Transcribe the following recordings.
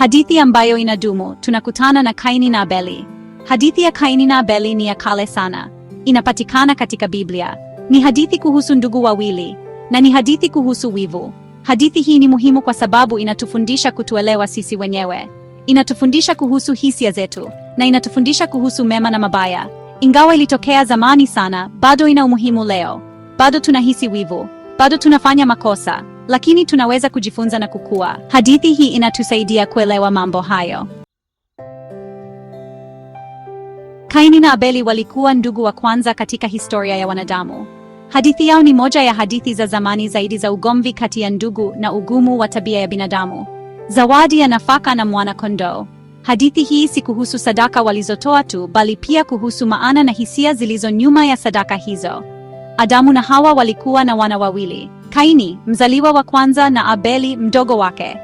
Hadithi ambayo inadumu. Tunakutana na Kaini na Abeli. Hadithi ya Kaini na Abeli ni ya kale sana, inapatikana katika Biblia. Ni hadithi kuhusu ndugu wawili na ni hadithi kuhusu wivu. Hadithi hii ni muhimu kwa sababu inatufundisha kutuelewa sisi wenyewe, inatufundisha kuhusu hisia zetu na inatufundisha kuhusu mema na mabaya. Ingawa ilitokea zamani sana, bado ina umuhimu leo. Bado tunahisi wivu, bado tunafanya makosa lakini tunaweza kujifunza na kukua. Hadithi hii inatusaidia kuelewa mambo hayo. Kaini na Abeli walikuwa ndugu wa kwanza katika historia ya wanadamu. Hadithi yao ni moja ya hadithi za zamani zaidi za ugomvi kati ya ndugu na ugumu wa tabia ya binadamu. Zawadi ya nafaka na mwana-kondoo. Hadithi hii si kuhusu sadaka walizotoa tu, bali pia kuhusu maana na hisia zilizo nyuma ya sadaka hizo. Adamu na Hawa walikuwa na wana wawili, Kaini mzaliwa wa kwanza na Abeli mdogo wake.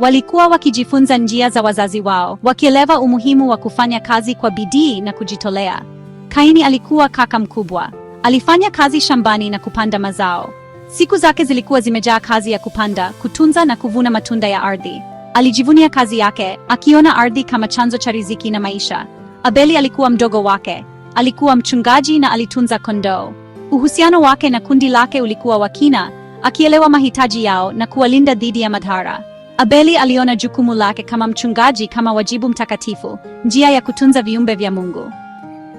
Walikuwa wakijifunza njia za wazazi wao, wakielewa umuhimu wa kufanya kazi kwa bidii na kujitolea. Kaini alikuwa kaka mkubwa, alifanya kazi shambani na kupanda mazao. Siku zake zilikuwa zimejaa kazi ya kupanda, kutunza na kuvuna matunda ya ardhi. Alijivunia kazi yake, akiona ardhi kama chanzo cha riziki na maisha. Abeli alikuwa mdogo wake, alikuwa mchungaji na alitunza kondoo. Uhusiano wake na kundi lake ulikuwa wa kina, akielewa mahitaji yao na kuwalinda dhidi ya madhara. Abeli aliona jukumu lake kama mchungaji kama wajibu mtakatifu, njia ya kutunza viumbe vya Mungu.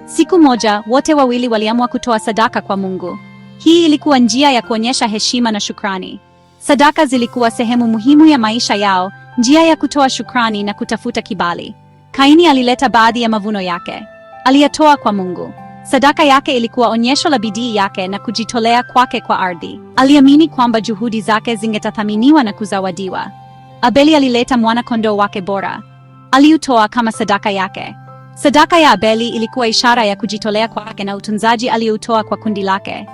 Siku moja, wote wawili waliamua kutoa sadaka kwa Mungu. Hii ilikuwa njia ya kuonyesha heshima na shukrani. Sadaka zilikuwa sehemu muhimu ya maisha yao, njia ya kutoa shukrani na kutafuta kibali. Kaini alileta baadhi ya mavuno yake. Aliyatoa kwa Mungu. Sadaka yake ilikuwa onyesho la bidii yake na kujitolea kwake kwa ardhi. Aliamini kwamba juhudi zake zingetathaminiwa na kuzawadiwa. Abeli alileta mwana-kondoo wake bora, aliutoa kama sadaka yake. Sadaka ya Abeli ilikuwa ishara ya kujitolea kwake na utunzaji aliyoutoa kwa kundi lake.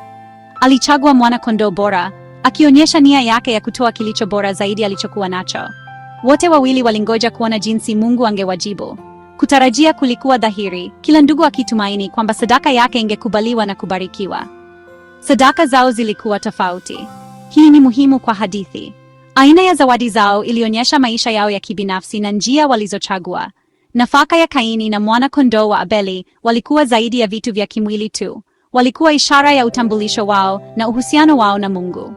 Alichagua mwana-kondoo bora, akionyesha nia yake ya kutoa kilicho bora zaidi alichokuwa nacho. Wote wawili walingoja kuona jinsi Mungu angewajibu. Kutarajia kulikuwa dhahiri, kila ndugu akitumaini kwamba sadaka yake ingekubaliwa na kubarikiwa. Sadaka zao zilikuwa tofauti. Hii ni muhimu kwa hadithi. Aina ya zawadi zao ilionyesha maisha yao ya kibinafsi na njia walizochagua. Nafaka ya Kaini na mwana-kondoo wa Abeli walikuwa zaidi ya vitu vya kimwili tu. Walikuwa ishara ya utambulisho wao na uhusiano wao na Mungu.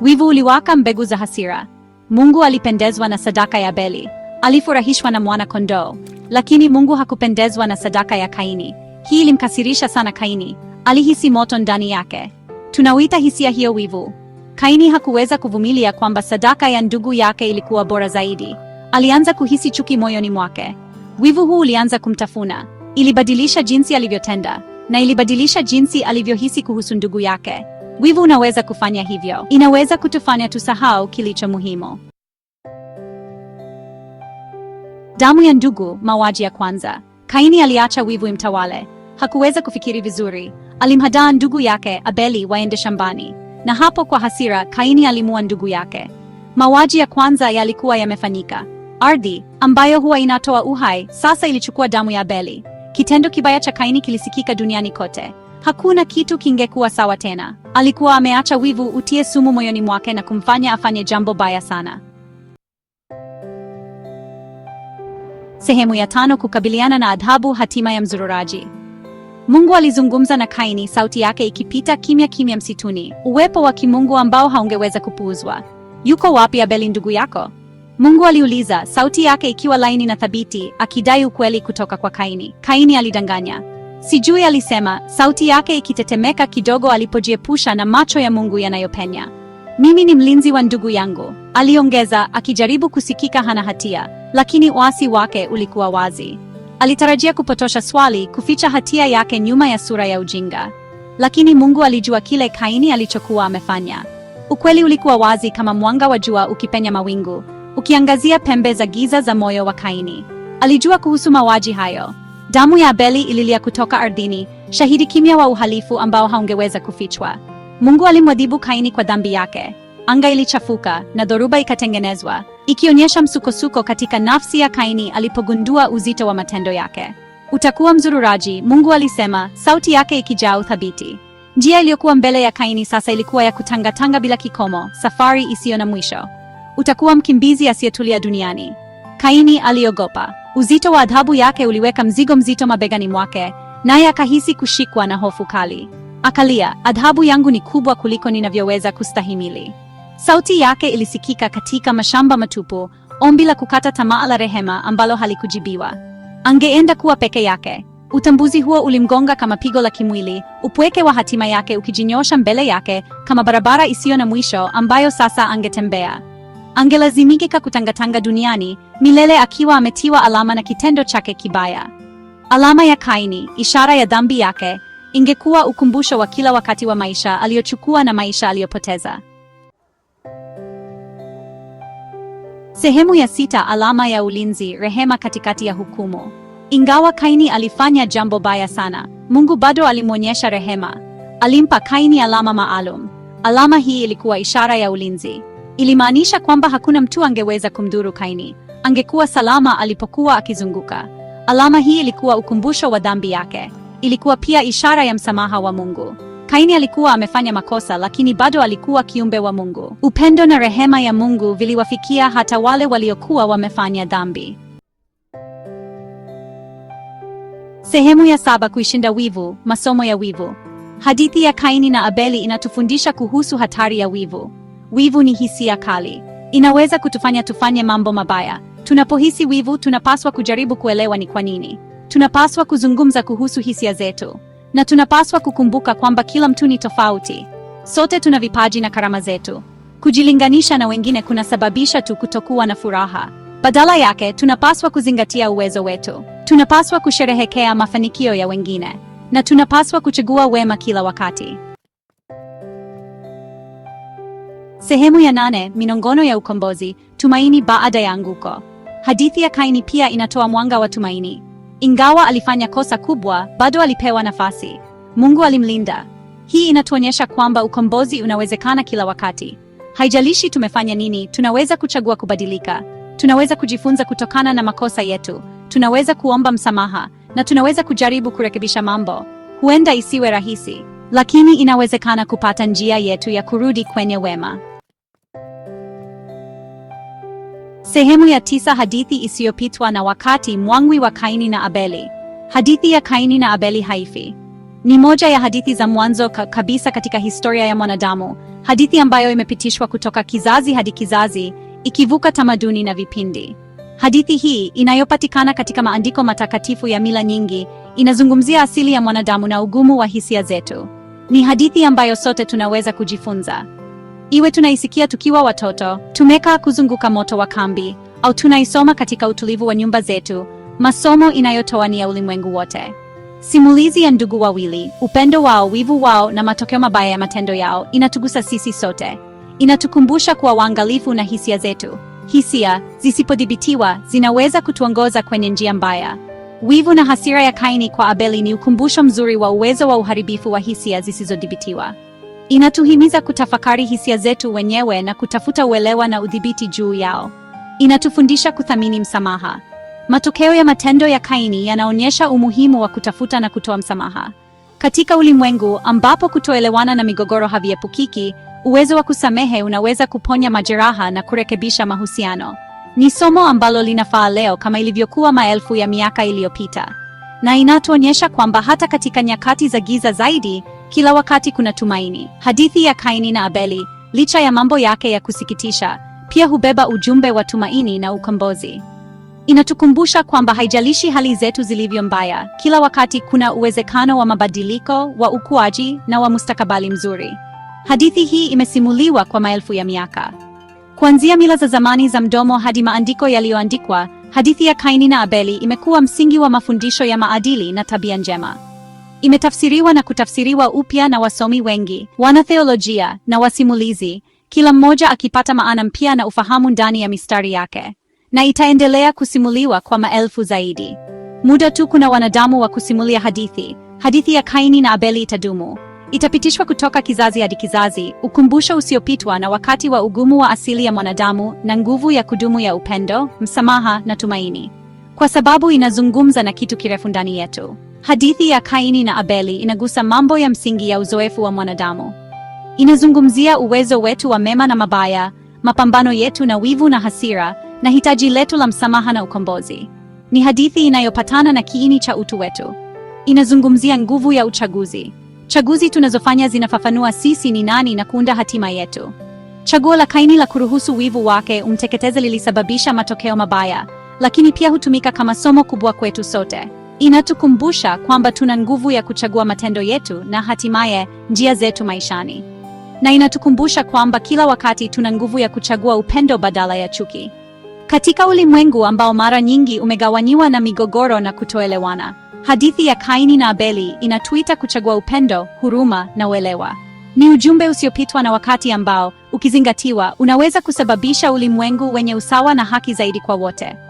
Wivu uliwaka mbegu za hasira. Mungu alipendezwa na sadaka ya Abeli, alifurahishwa na mwana-kondoo, lakini Mungu hakupendezwa na sadaka ya Kaini. Hii ilimkasirisha sana Kaini, alihisi moto ndani yake. Tunawita hisia hiyo wivu. Kaini hakuweza kuvumilia kwamba sadaka ya ndugu yake ilikuwa bora zaidi. Alianza kuhisi chuki moyoni mwake. Wivu huu ulianza kumtafuna, ilibadilisha jinsi alivyotenda na ilibadilisha jinsi alivyohisi kuhusu ndugu yake. Wivu unaweza kufanya hivyo, inaweza kutufanya tusahau kilicho muhimu. Damu ya ndugu, mauaji ya kwanza. Kaini aliacha wivu imtawale. Hakuweza kufikiri vizuri, alimhadaa ndugu yake Abeli waende shambani, na hapo kwa hasira Kaini alimua ndugu yake. Mauaji ya kwanza yalikuwa yamefanyika. Ardhi ambayo huwa inatoa uhai sasa ilichukua damu ya Abeli. Kitendo kibaya cha Kaini kilisikika duniani kote. Hakuna kitu kingekuwa sawa tena. Alikuwa ameacha wivu utie sumu moyoni mwake na kumfanya afanye jambo baya sana. Sehemu ya tano: kukabiliana na adhabu, hatima ya mzururaji. Mungu alizungumza na Kaini, sauti yake ikipita kimya kimya msituni, uwepo wa kimungu ambao haungeweza kupuuzwa. Yuko wapi Abeli ndugu yako? Mungu aliuliza, sauti yake ikiwa laini na thabiti, akidai ukweli kutoka kwa Kaini. Kaini alidanganya. Sijui alisema, sauti yake ikitetemeka kidogo alipojiepusha na macho ya Mungu yanayopenya. Mimi ni mlinzi wa ndugu yangu, aliongeza akijaribu kusikika hana hatia, lakini uasi wake ulikuwa wazi. Alitarajia kupotosha swali, kuficha hatia yake nyuma ya sura ya ujinga. Lakini Mungu alijua kile Kaini alichokuwa amefanya. Ukweli ulikuwa wazi kama mwanga wa jua ukipenya mawingu, ukiangazia pembe za giza za moyo wa Kaini. Alijua kuhusu mauaji hayo. Damu ya Abeli ililia kutoka ardhini, shahidi kimya wa uhalifu ambao haungeweza kufichwa. Mungu alimwadhibu Kaini kwa dhambi yake. Anga ilichafuka na dhoruba ikatengenezwa, ikionyesha msukosuko katika nafsi ya Kaini alipogundua uzito wa matendo yake. Utakuwa mzururaji, Mungu alisema, sauti yake ikijaa uthabiti. Njia iliyokuwa mbele ya Kaini sasa ilikuwa ya kutangatanga bila kikomo, safari isiyo na mwisho. Utakuwa mkimbizi asiyetulia duniani. Kaini aliogopa uzito wa adhabu yake uliweka mzigo mzito mabegani mwake, naye akahisi kushikwa na hofu kali. Akalia, adhabu yangu ni kubwa kuliko ninavyoweza kustahimili. Sauti yake ilisikika katika mashamba matupu, ombi la kukata tamaa la rehema ambalo halikujibiwa. Angeenda kuwa peke yake. Utambuzi huo ulimgonga kama pigo la kimwili, upweke wa hatima yake ukijinyosha mbele yake kama barabara isiyo na mwisho ambayo sasa angetembea angelazimika kutangatanga duniani milele akiwa ametiwa alama na kitendo chake kibaya. Alama ya Kaini, ishara ya dhambi yake, ingekuwa ukumbusho wa kila wakati wa maisha aliyochukua na maisha aliyopoteza. Sehemu ya sita: alama ya ulinzi, rehema katikati ya hukumu. Ingawa Kaini alifanya jambo baya sana, Mungu bado alimwonyesha rehema. Alimpa Kaini alama maalum. Alama hii ilikuwa ishara ya ulinzi. Ilimaanisha kwamba hakuna mtu angeweza kumdhuru Kaini. Angekuwa salama alipokuwa akizunguka. Alama hii ilikuwa ukumbusho wa dhambi yake. Ilikuwa pia ishara ya msamaha wa Mungu. Kaini alikuwa amefanya makosa, lakini bado alikuwa kiumbe wa Mungu. Upendo na rehema ya Mungu viliwafikia hata wale waliokuwa wamefanya dhambi. Sehemu ya saba: kuishinda wivu. Masomo ya wivu. Hadithi ya Kaini na Abeli inatufundisha kuhusu hatari ya wivu. Wivu ni hisia kali, inaweza kutufanya tufanye mambo mabaya. Tunapohisi wivu, tunapaswa kujaribu kuelewa ni kwa nini. Tunapaswa kuzungumza kuhusu hisia zetu, na tunapaswa kukumbuka kwamba kila mtu ni tofauti. Sote tuna vipaji na karama zetu. Kujilinganisha na wengine kunasababisha tu kutokuwa na furaha. Badala yake, tunapaswa kuzingatia uwezo wetu. Tunapaswa kusherehekea mafanikio ya wengine, na tunapaswa kuchagua wema kila wakati. Sehemu ya nane: minongono ya ukombozi, tumaini baada ya anguko. Hadithi ya Kaini pia inatoa mwanga wa tumaini. Ingawa alifanya kosa kubwa, bado alipewa nafasi. Mungu alimlinda. Hii inatuonyesha kwamba ukombozi unawezekana kila wakati. Haijalishi tumefanya nini, tunaweza kuchagua kubadilika. Tunaweza kujifunza kutokana na makosa yetu, tunaweza kuomba msamaha na tunaweza kujaribu kurekebisha mambo. Huenda isiwe rahisi, lakini inawezekana kupata njia yetu ya kurudi kwenye wema. Sehemu ya tisa: hadithi isiyopitwa na wakati, mwangwi wa Kaini na Abeli. Hadithi ya Kaini na Abeli haifi. Ni moja ya hadithi za mwanzo ka kabisa katika historia ya mwanadamu, hadithi ambayo imepitishwa kutoka kizazi hadi kizazi, ikivuka tamaduni na vipindi. Hadithi hii inayopatikana katika maandiko matakatifu ya mila nyingi, inazungumzia asili ya mwanadamu na ugumu wa hisia zetu. Ni hadithi ambayo sote tunaweza kujifunza iwe tunaisikia tukiwa watoto, tumekaa kuzunguka moto wa kambi, au tunaisoma katika utulivu wa nyumba zetu, masomo inayotoa ni ya ulimwengu wote. Simulizi ya ndugu wawili, upendo wao, wivu wao na matokeo mabaya ya matendo yao inatugusa sisi sote. Inatukumbusha kuwa waangalifu na hisia zetu. Hisia zisipodhibitiwa zinaweza kutuongoza kwenye njia mbaya. Wivu na hasira ya Kaini kwa Abeli ni ukumbusho mzuri wa uwezo wa uharibifu wa hisia zisizodhibitiwa. Inatuhimiza kutafakari hisia zetu wenyewe na kutafuta uelewa na udhibiti juu yao. Inatufundisha kuthamini msamaha. Matokeo ya matendo ya Kaini yanaonyesha umuhimu wa kutafuta na kutoa msamaha. Katika ulimwengu ambapo kutoelewana na migogoro haviepukiki, uwezo wa kusamehe unaweza kuponya majeraha na kurekebisha mahusiano. Ni somo ambalo linafaa leo kama ilivyokuwa maelfu ya miaka iliyopita. Na inatuonyesha kwamba hata katika nyakati za giza zaidi, kila wakati kuna tumaini. Hadithi ya Kaini na Abeli, licha ya mambo yake ya kusikitisha, pia hubeba ujumbe wa tumaini na ukombozi. Inatukumbusha kwamba haijalishi hali zetu zilivyo mbaya, kila wakati kuna uwezekano wa mabadiliko, wa ukuaji na wa mustakabali mzuri. Hadithi hii imesimuliwa kwa maelfu ya miaka. Kuanzia mila za zamani za mdomo hadi maandiko yaliyoandikwa, hadithi ya Kaini na Abeli imekuwa msingi wa mafundisho ya maadili na tabia njema. Imetafsiriwa na kutafsiriwa upya na wasomi wengi, wanatheolojia na wasimulizi, kila mmoja akipata maana mpya na ufahamu ndani ya mistari yake, na itaendelea kusimuliwa kwa maelfu zaidi. Muda tu kuna wanadamu wa kusimulia hadithi. Hadithi ya Kaini na Abeli itadumu, itapitishwa kutoka kizazi hadi kizazi, ukumbusho usiopitwa na wakati wa ugumu wa asili ya mwanadamu na nguvu ya kudumu ya upendo, msamaha na tumaini, kwa sababu inazungumza na kitu kirefu ndani yetu. Hadithi ya Kaini na Abeli inagusa mambo ya msingi ya uzoefu wa mwanadamu. Inazungumzia uwezo wetu wa mema na mabaya, mapambano yetu na wivu na hasira, na hitaji letu la msamaha na ukombozi. Ni hadithi inayopatana na kiini cha utu wetu. Inazungumzia nguvu ya uchaguzi. Chaguzi tunazofanya zinafafanua sisi ni nani na kuunda hatima yetu. Chaguo la Kaini la kuruhusu wivu wake umteketeze lilisababisha matokeo mabaya, lakini pia hutumika kama somo kubwa kwetu sote inatukumbusha kwamba tuna nguvu ya kuchagua matendo yetu na hatimaye njia zetu maishani, na inatukumbusha kwamba kila wakati tuna nguvu ya kuchagua upendo badala ya chuki. Katika ulimwengu ambao mara nyingi umegawanyiwa na migogoro na kutoelewana, hadithi ya Kaini na Abeli inatuita kuchagua upendo, huruma na uelewa. Ni ujumbe usiopitwa na wakati ambao, ukizingatiwa, unaweza kusababisha ulimwengu wenye usawa na haki zaidi kwa wote.